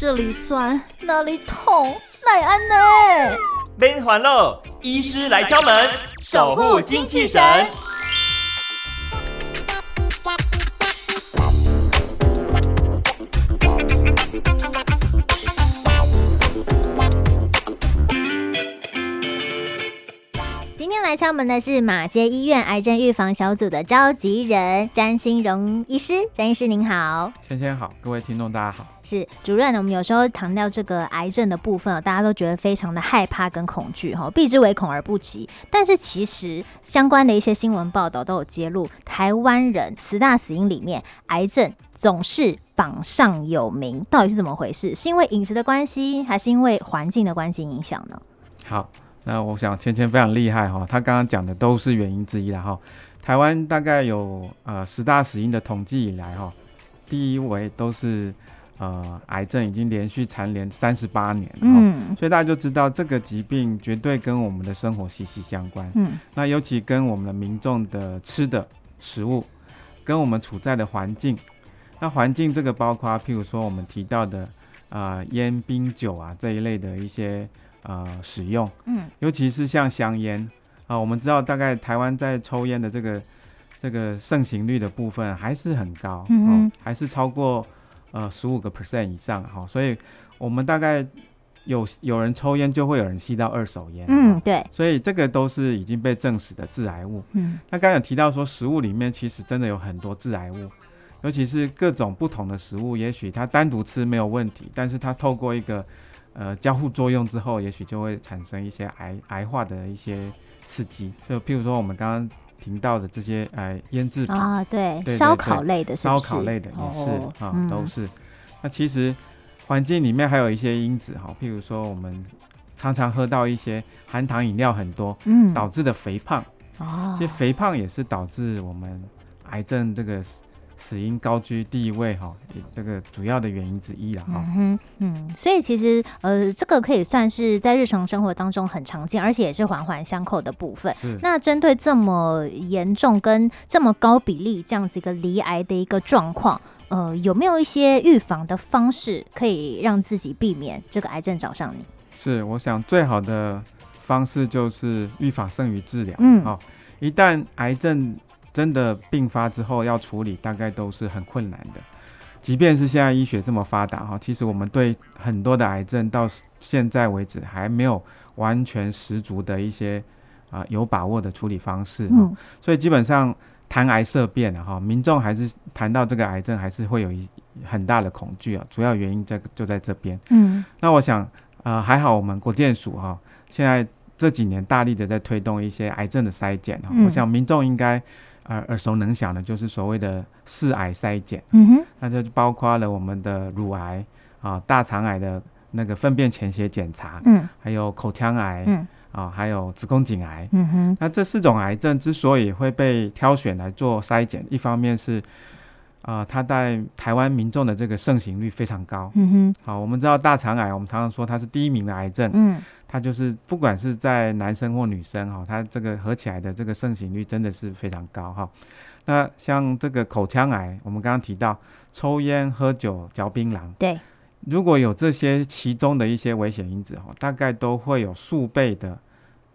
這裡酸，那裡痛，奈安呢？免煩惱，醫師來敲門，守護精氣神。來敲門的是馬偕醫院癌症預防小組的召集人詹欣隆醫師，詹醫師您好。芊芊好，各位聽眾大家好，是主任。我們有時候談到這個癌症的部分，大家都覺得非常的害怕跟恐懼哈，避之唯恐而不及。但是其實相關的一些新聞報道都有揭露，台灣人十大死因裡面癌症總是榜上有名，到底是怎麼回事？是因為飲食的關係，還是因為環境的關係影響呢？好。那我想芊芊非常厲害哈，他剛剛講的都是原因之一了哈。台灣大概有呃十大死因的統計以來哈，第一位都是呃癌症，已經連續蟬聯三十八年，嗯，所以大家就知道這個疾病絕對跟我們的生活息息相關，嗯，那尤其跟我們的民眾的吃的食物，跟我們處在的環境，那環境這個包括譬如說我們提到的啊菸、呃、冰、酒啊這一類的一些。呃，使用，嗯，尤其是像香煙啊，呃，我們知道大概台灣在抽煙的這個這個盛行率的部分還是很高，嗯，還是超過呃十五個 percent 以上，哈，哦，所以我們大概有有人抽煙就會有人吸到二手煙，嗯，對，啊，所以這個都是已經被證實的致癌物，嗯，那剛才有提到說食物裡面其實真的有很多致癌物，尤其是各種不同的食物，也許它單獨吃沒有問題，但是它透過一個。呃，交互作用之後，也許就會產生一些癌癌化的一些刺激。就譬如說，我們剛剛聽到的這些，呃，醃製品啊，對，燒烤類的是不是，燒烤類的也是，哦，啊，都是。嗯，那其實環境裡面還有一些因子哈，譬如說我們常常喝到一些含糖飲料很多，嗯，導致的肥胖哦，其實肥胖也是導致我們癌症這個。死因高居第一位，哈，這個主要的原因之一了，哈。嗯哼，嗯，所以其實，呃，這個可以算是在日常生活當中很常見，而且也是環環相扣的部分。那針對這麼嚴重跟這麼高比例這樣子一個罹癌的一個狀況，呃，有沒有一些預防的方式，可以讓自己避免這個癌症找上你？是，我想最好的方式就是預防勝於治療。嗯、哦，一旦癌症。真的病發之後要處理，大概都是很困難的。即便是現在醫學這麼發達哈，其實我們對很多的癌症到現在為止還沒有完全十足的一些啊，有把握的處理方式哈，所以基本上談癌色變哈，民眾還是談到這個癌症還是會有一很大的恐懼啊。主要原因在就在這邊。嗯，那我想啊，還好，我們國健署哈，現在這幾年大力的在推動一些癌症的篩檢哈，我想民眾應該。耳耳熟能詳的，就是所謂的四癌篩檢。嗯哼，那就包括了我們的乳癌啊、呃、大腸癌的那個糞便潛血檢查，嗯，還有口腔癌，嗯，啊、呃，還有子宮頸癌。嗯哼，那這四種癌症之所以會被挑選來做篩檢，一方面是啊、呃，它在台灣民眾的這個盛行率非常高。嗯哼，好，我們知道大腸癌，我們常常說它是第一名的癌症。嗯。它就是不管是在男生或女生哈，它這個合起來的這個盛行率真的是非常高哈。那像這個口腔癌，我們剛剛提到抽菸、喝酒、嚼檳榔，對，如果有這些其中的一些危險因子哈，大概都會有數倍的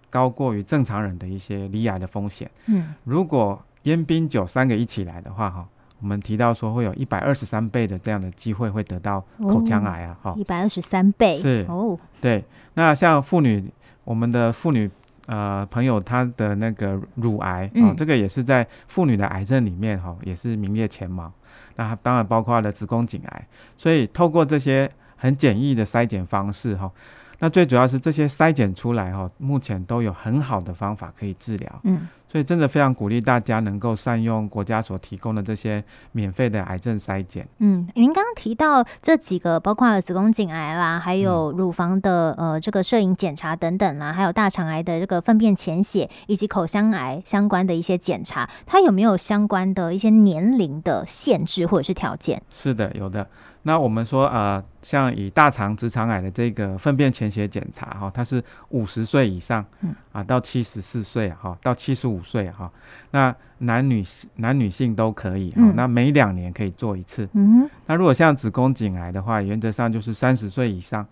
高過於正常人的一些罹癌的風險。嗯，如果菸、檳、酒三個一起來的話哈。我們提到說會有一百二十三倍的這樣的機會會得到口腔癌啊，哈、哦，一百二十三倍是，哦、對。那像婦女，我們的婦女呃朋友，她的那個乳癌啊、嗯喔，這個也是在婦女的癌症裡面哈、喔，也是名列前茅。那當然包括了子宮頸癌，所以透過這些很簡易的篩檢方式哈。喔那最主要是這些篩檢出來哈，目前都有很好的方法可以治療，嗯，所以真的非常鼓勵大家能夠善用國家所提供的這些免費的癌症篩檢。嗯，您剛剛提到這幾個，包括了子宮頸癌啦，還有乳房的、嗯、呃這個攝影檢查等等啦，還有大腸癌的這個糞便潛血，以及口腔癌相關的一些檢查，它有沒有相關的一些年齡的限制或者是條件？是的，有的。那我們說，呃，像以大腸直腸癌的這個糞便潛血檢查，哈、哦，它是五十歲以上，嗯，啊，到七十四歲哈，到七十五歲哈，那男女男女性都可以，嗯，哦、那每兩年可以做一次，嗯哼，那如果像子宮頸癌的話，原則上就是三十歲以上，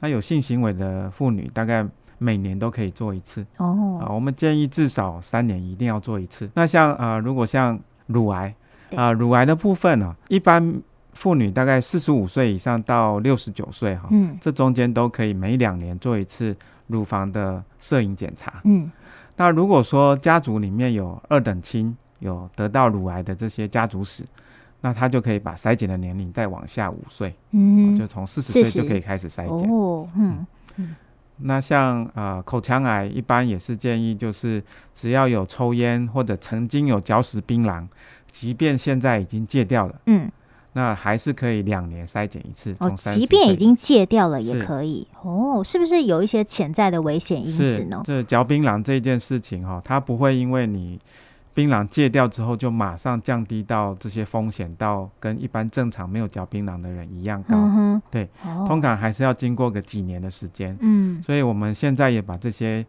那有性行為的婦女大概每年都可以做一次，哦，啊，我們建議至少三年一定要做一次。那像啊、呃，如果像乳癌啊、呃，乳癌的部分呢、啊，一般。婦女大概四十五歲以上到六十九歲哈，這中間都可以每兩年做一次乳房的攝影檢查。嗯，那如果說家族裡面有二等親有得到乳癌的這些家族史，那他就可以把篩檢的年齡再往下五歲，嗯，哦、就從四十歲就可以開始篩檢。謝謝嗯，嗯，嗯，嗯，那像啊、呃、口腔癌一般也是建議，就是只要有抽煙或者曾經有嚼食檳榔，即便現在已經戒掉了，嗯。那還是可以兩年篩檢一次哦從，即便已經戒掉了也可以哦，是不是有一些潛在的危險因子呢？這嚼檳榔這件事情哈、哦，它不會因為你檳榔戒掉之後就馬上降低到這些風險到跟一般正常沒有嚼檳榔的人一樣高，嗯、對、哦，通常還是要經過個幾年的時間，嗯，所以我們現在也把這些。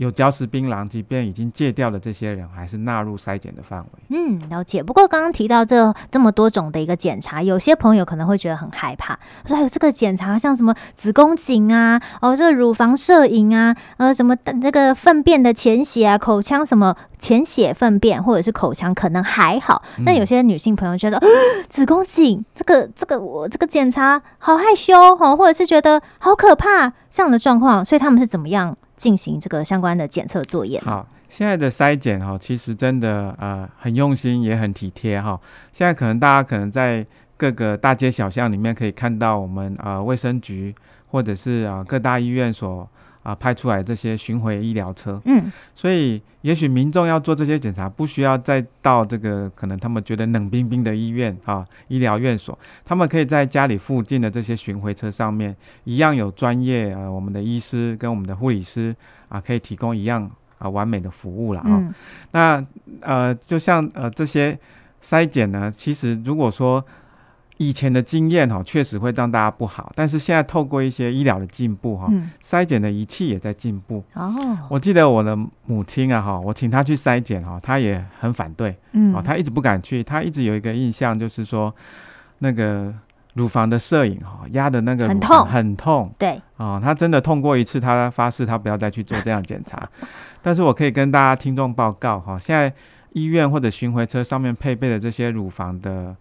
有嚼食檳榔，即便已經戒掉了，這些人還是納入篩檢的範圍。嗯，了解。不過剛剛提到這這麼多種的一個檢查，有些朋友可能會覺得很害怕。說，哎呦，這個檢查像什麼子宮頸啊，哦，這個乳房攝影啊，呃，什麼那、這個糞便的潛血啊，口腔什麼潛血、糞便或者是口腔，可能還好、嗯。但有些女性朋友覺得子宮頸這個這個我、哦、這個檢查好害羞哦，或者是覺得好可怕這樣的狀況，所以他們是怎麼樣？進行這個相關的檢測作業。好，現在的篩檢哈，其實真的呃很用心，也很體貼哈、哦。現在可能大家可能在各個大街小巷裡面可以看到我們啊，呃、衛生局，或者是啊、呃、各大醫院所，啊，派出來這些巡迴醫療車，嗯，所以也許民眾要做這些檢查，不需要再到這個可能他們覺得冷冰冰的醫院啊、醫療院所，他們可以在家裡附近的這些巡迴車上面，一樣有專業、呃、我們的醫師跟我們的護理師啊，可以提供一樣啊完美的服務了啊。嗯、那呃，就像呃這些篩檢呢，其實如果說。以前的經驗哈、哦，確實會讓大家不好，但是現在透過一些醫療的進步哈、哦，嗯，篩檢的儀器也在進步。哦，我記得我的母親啊哈，我請她去篩檢哈，她也很反對，嗯、哦，她一直不敢去，她一直有一個印象就是說，那個乳房的攝影哈、哦，壓的那個乳房很痛，很痛，對，啊、哦，她真的痛過一次，她發誓她不要再去做這樣檢查。 但是我可以跟大家聽眾報告哈，現在醫院或者巡迴車上面配備的這些乳房的。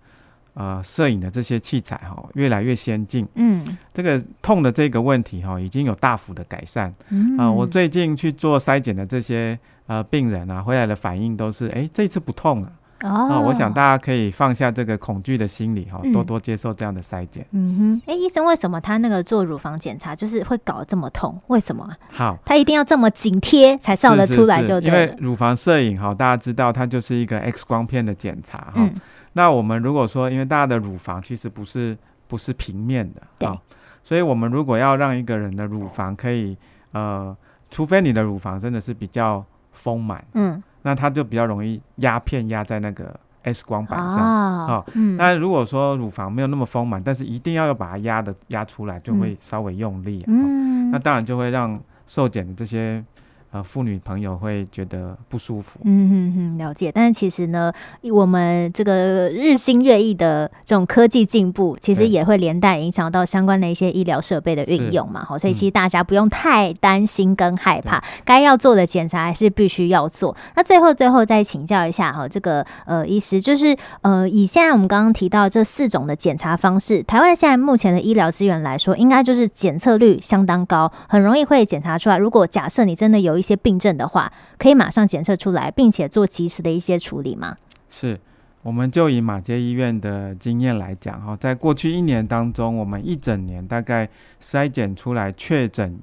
呃，攝影的這些器材哈、哦，越來越先進。嗯，這個痛的這個問題哈、哦，已經有大幅的改善。嗯啊、呃，我最近去做篩檢的這些呃病人啊，回來的反應都是，哎、欸，這次不痛了。啊、哦呃、我想大家可以放下這個恐懼的心理哈、哦嗯，多多接受這樣的篩檢。嗯哼，哎、欸，醫生為什麼他那個做乳房檢查就是會搞得這麼痛？為什麼？好，他一定要這麼緊貼才照得出來就對，就因為乳房攝影哈、哦，大家知道它就是一個 X 光片的檢查哈、哦。嗯那我們如果說，因為大家的乳房其實不是不是平面的啊、哦，所以我們如果要讓一個人的乳房可以呃，除非你的乳房真的是比較豐滿，嗯，那它就比較容易壓片壓在那個 X 光板上啊。好、哦，那、嗯、如果說乳房沒有那麼豐滿，但是一定要要把它壓的壓出來，就會稍微用力、啊，嗯、哦，那當然就會讓受檢的這些。啊，婦女朋友會覺得不舒服。嗯嗯嗯，了解。但是其實呢，我們這個日新月異的這種科技進步，其實也會連帶影響到相關的一些醫療設備的運用嘛。好，所以其實大家不用太擔心跟害怕，該、嗯、要做的檢查還是必須要做。那最後最後再請教一下哈，這個呃，醫師就是呃，以現在我們剛剛提到這四種的檢查方式，台灣現在目前的醫療資源來說，應該就是檢測率相當高，很容易會檢查出來。如果假設你真的有一些病症的話，可以馬上檢測出來，並且做及時的一些處理嗎？是，我們就以馬偕醫院的經驗來講哈、哦，在過去一年當中，我們一整年大概篩檢出來確診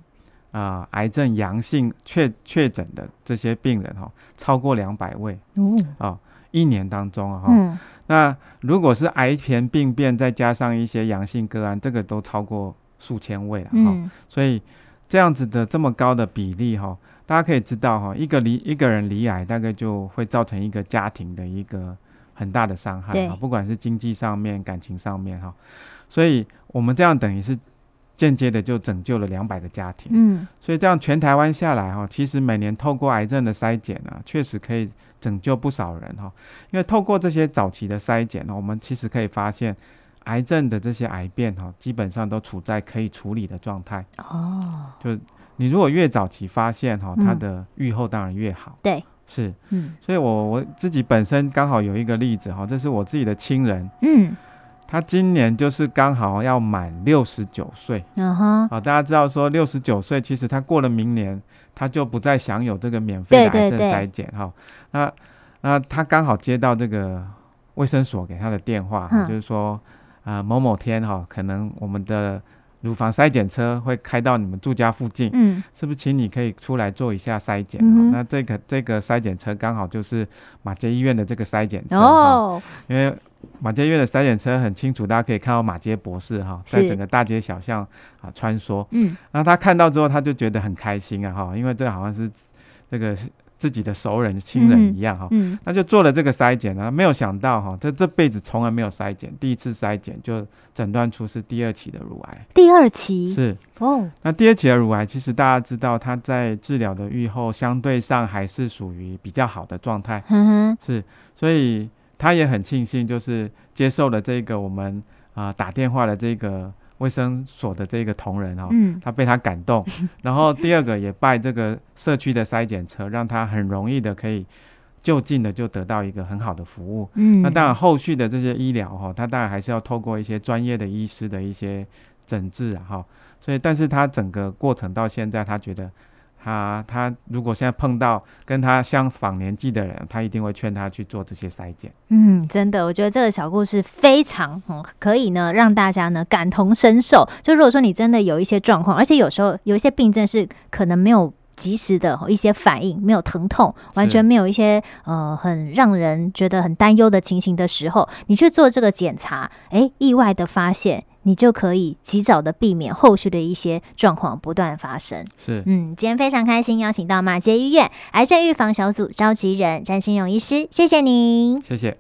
啊、呃、癌症陽性確確診的這些病人哈、哦，超過兩百位、嗯、哦一年當中啊、哦嗯，那如果是癌前病變，再加上一些陽性個案，這個都超過數千位了哈、哦嗯，所以。這樣子的這麼高的比例哈，大家可以知道哈，一個離一個人罹癌，大概就會造成一個家庭的一個很大的傷害啊，不管是經濟上面、感情上面哈，所以我們這樣等於是間接的就拯救了兩百個家庭。嗯，所以這樣全台灣下來哈，其實每年透過癌症的篩檢呢，確實可以拯救不少人哈，因為透過這些早期的篩檢呢，我們其實可以發現。癌症的這些癌變哈、哦，基本上都處在可以處理的狀態。哦、oh,，就你如果越早期發現哈、哦，它、嗯、的預後當然越好。對，是，嗯，所以我我自己本身剛好有一個例子哈、哦，這是我自己的親人，嗯，他今年就是剛好要滿六十九歲，嗯、uh、哼 -huh，好、啊，大家知道說六十九歲其實他過了明年他就不再享有這個免費的癌症篩檢哈。那那他剛好接到這個衛生所給他的電話、嗯、就是說。啊、呃，某某天哈、哦，可能我們的乳房篩檢車會開到你們住家附近，嗯，是不是請你可以出來做一下篩檢？哈、嗯，那這個這個篩檢車剛好就是馬偕醫院的這個篩檢車，哦，因為馬偕醫院的篩檢車很清楚，大家可以看到馬偕博士哈，在整個大街小巷啊穿梭，嗯，然後他看到之後，他就覺得很開心啊，哈，因為這好像是這個。自己的熟人、親人一樣哈，那、嗯嗯、就做了這個篩檢呢、啊。沒有想到哈、啊，這這輩子從來沒有篩檢，第一次篩檢就診斷出是第二期的乳癌。第二期是哦，那第二期的乳癌，其實大家知道，它在治療的預後相對上還是屬於比較好的狀態。嗯哼，是，所以他也很慶幸，就是接受了這個我們啊、呃、打電話的這個。衛生所的這個同仁哈、哦，他被他感動、嗯，然後第二個也拜這個社區的篩檢車，讓他很容易的可以就近的就得到一個很好的服務。嗯，那當然後續的這些醫療哈、哦，他當然還是要透過一些專業的醫師的一些診治哈、啊，所以但是他整個過程到現在，他覺得。他、啊、他如果現在碰到跟他相仿年紀的人，他一定會勸他去做這些篩檢。嗯，真的，我覺得這個小故事非常，嗯，可以呢，讓大家呢感同身受。就如果說你真的有一些狀況，而且有時候有一些病症是可能沒有及時的一些反應，沒有疼痛，完全沒有一些呃很讓人覺得很擔憂的情形的時候，你去做這個檢查，欸，意外的發現。你就可以及早的避免後續的一些狀況不斷發生。是，嗯，今天非常開心邀請到馬偕醫院癌症預防小組召集人詹欣隆醫師，謝謝您，謝謝。